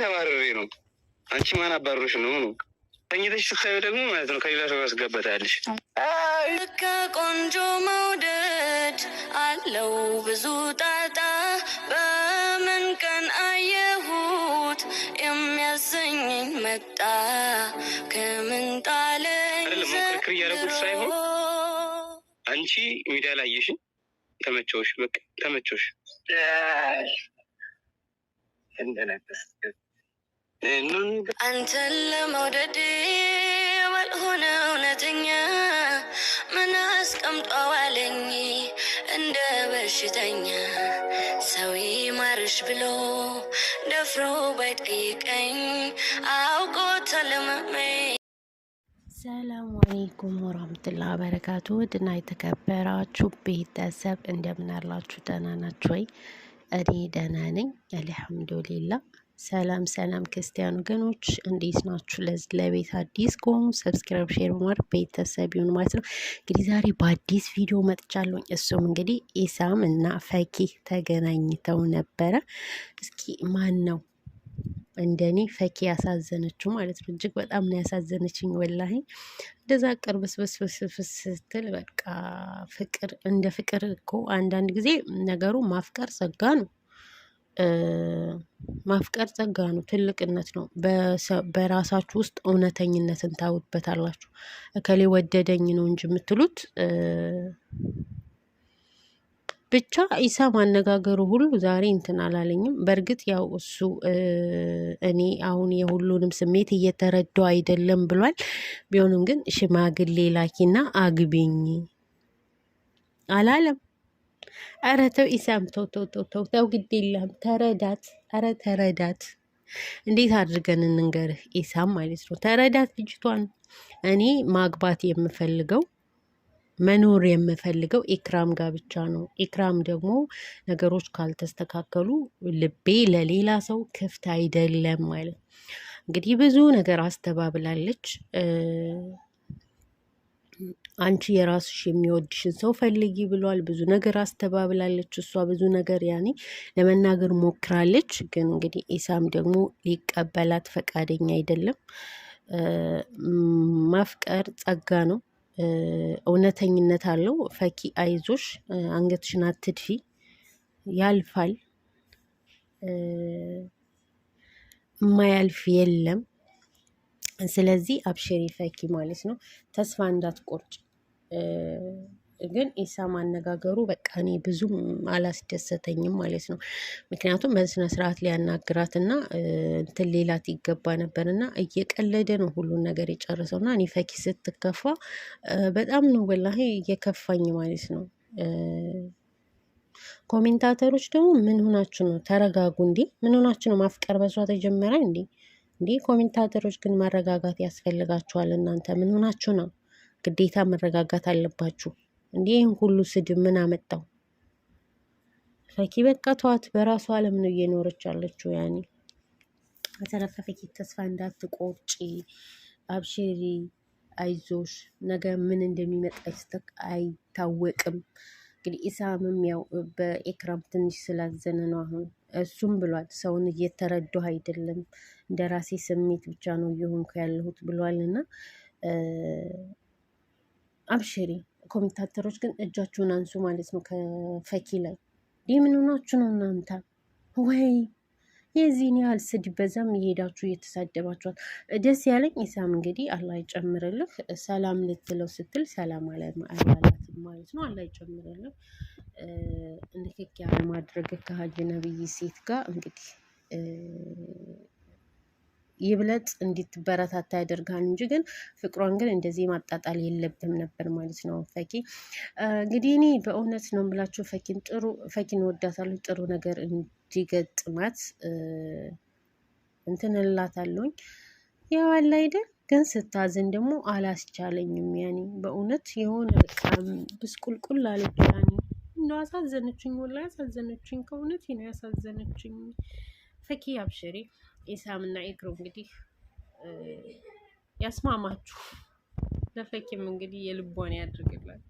ተባረሬ ነው። አንቺ ማን አባሮሽ ነው ነው ተኝተሽ ስታዩ ደግሞ ማለት ነው ከሌላ ሰው ያስገበታለሽ። ልክ ቆንጆ መውደድ አለው ብዙ ጣጣ፣ በምን ቀን አየሁት የሚያሰኘኝ መጣ ከምን ጣለኝ። መክርክር እያደረጉት ሳይሆን አንቺ ሚዲያ ላይ አየሽን ተመቸውሽ፣ በቃ ተመቸውሽ አንተን ለመውደድ ባልሆነ እውነተኛ ምን አስቀምጦ እንደ በሽተኛ ሰው ይማርሽ ብሎ ደፍሮ ባይጠይቀኝ አውቆ ተለመሜ። ሰላሙ አሌይኩም ወራህመቱላ በረካቱ ድና የተከበራችሁ ቤተሰብ እንደምን አላችሁ? ደህና ናችሁ ወይ? እኔ ደህና ነኝ አልሐምዱሊላ። ሰላም ሰላም ክርስቲያን ወገኖች እንዴት ናችሁ? ለቤት አዲስ ከሆኑ ሰብስክራይብ፣ ሼር ማር ቤተሰብ ይሁን ማለት ነው። እንግዲህ ዛሬ በአዲስ ቪዲዮ መጥቻለሁኝ። እሱም እንግዲህ ኢሳም እና ፈኪ ተገናኝተው ነበረ። እስኪ ማን ነው እንደኔ ፈኪ ያሳዘነችው ማለት ነው። እጅግ በጣም ነው ያሳዘነችኝ። ወላሂ እንደዛ ቅርብስብስብስብስ ስትል በቃ ፍቅር እንደ ፍቅር እኮ አንዳንድ ጊዜ ነገሩ ማፍቀር ጸጋ ነው። ማፍቀር ጸጋ ነው፣ ትልቅነት ነው። በራሳችሁ ውስጥ እውነተኝነትን ታውበታላችሁ። እከሌ ወደደኝ ነው እንጂ የምትሉት ብቻ ኢሳ ማነጋገሩ ሁሉ ዛሬ እንትን አላለኝም። በእርግጥ ያው እሱ እኔ አሁን የሁሉንም ስሜት እየተረዳው አይደለም ብሏል። ቢሆንም ግን ሽማግሌ ላኪና አግቢኝ አላለም። አረ ተው ኢሳም ተው ተው ተው ተው ተው፣ ግድ የለም ተረዳት። አረ ተረዳት፣ እንዴት አድርገን እንንገርህ ኢሳም ማለት ነው። ተረዳት ልጅቷን። እኔ ማግባት የምፈልገው መኖር የምፈልገው ኢክራም ጋር ብቻ ነው። ኢክራም ደግሞ ነገሮች ካልተስተካከሉ ልቤ ለሌላ ሰው ክፍት አይደለም ማለት እንግዲህ ብዙ ነገር አስተባብላለች። አንቺ የራስሽ የሚወድሽን ሰው ፈልጊ ብሏል። ብዙ ነገር አስተባብላለች። እሷ ብዙ ነገር ያኔ ለመናገር ሞክራለች። ግን እንግዲህ ኢሳም ደግሞ ሊቀበላት ፈቃደኛ አይደለም። ማፍቀር ጸጋ ነው። እውነተኝነት አለው። ፈኪ አይዞሽ፣ አንገትሽን አትድፊ፣ ያልፋል፣ የማያልፍ የለም። ስለዚህ አብሽሪ ፈኪ ማለት ነው። ተስፋ እንዳትቆርጭ። ግን ኢሳ አነጋገሩ በቃ እኔ ብዙም አላስደሰተኝም ማለት ነው። ምክንያቱም በስነ ስርዓት ሊያናግራት እና እንትን ሌላት ይገባ ነበር እና እየቀለደ ነው ሁሉን ነገር የጨረሰው እና እኔ ፈኪ ስትከፋ በጣም ነው ወላሂ እየከፋኝ ማለት ነው። ኮሜንታተሮች ደግሞ ምን ሆናችሁ ነው? ተረጋጉ እንዴ! ምን ሆናችሁ ነው? ማፍቀር በሷ ተጀመረ እንዴ? እንዴ ኮሜንታተሮች ግን መረጋጋት ያስፈልጋችኋል። እናንተ ምን ሆናችሁ ነው? ግዴታ መረጋጋት አለባችሁ። እንዲህ ይህን ሁሉ ስድብ ምን አመጣው? ፈኪ በቃ ተዋት። በራሱ አለም ነው እየኖረች ያለችው። ያኔ በተረፈ ፈኪ ተስፋ እንዳትቆርጪ፣ አብሽሪ፣ አይዞሽ። ነገ ምን እንደሚመጣ አይታወቅም። እንግዲህ ኢሳምም ያው በኤክራም ትንሽ ስላዘነ ነው አሁን እሱም ብሏል። ሰውን እየተረዱ አይደለም እንደ ራሴ ስሜት ብቻ ነው እየሆንኩ ያለሁት ብሏል እና አብሽሪ ኮሚታተሮች ግን እጃችሁን አንሱ ማለት ነው ከፈኪ ላይ። ይህ ምን ሆናችሁ ነው እናንተ? ወይ የዚህን ያህል ስድብ በዛም እየሄዳችሁ እየተሳደባችኋል። ደስ ያለኝ ኢሳም እንግዲህ አላህ ይጨምርልህ፣ ሰላም ልትለው ስትል ሰላም አላት ማለት ነው። አላህ ይጨምርልህ። ያለ ያለማድረግ ከሀጅ ነብይ ሴት ጋር እንግዲህ ይብለጥ እንዲትበረታታ ያደርጋል እንጂ ግን ፍቅሯን ግን እንደዚህ ማጣጣል የለብም ነበር ማለት ነው። ፈኪ እንግዲህ እኔ በእውነት ነው የምላችሁ ፈኪን ጥሩ ፈኪን ወዳታለሁ። ጥሩ ነገር እንዲገጥማት እንትን እላታለሁኝ። ያው አለ አይደል ግን ስታዝን ደግሞ አላስቻለኝም። ያኔ በእውነት የሆነ በቃ ብስቁልቁል አለች። ያኔ እንደው አሳዘነችኝ፣ ወላ ያሳዘነችኝ፣ ከእውነት ነው ያሳዘነችኝ። ፈኪ አብሽሬ ኢሳም እና ኢክሩ እንግዲህ ያስማማችሁ። ለፈኪም እንግዲህ የልቧን ያድርግላል።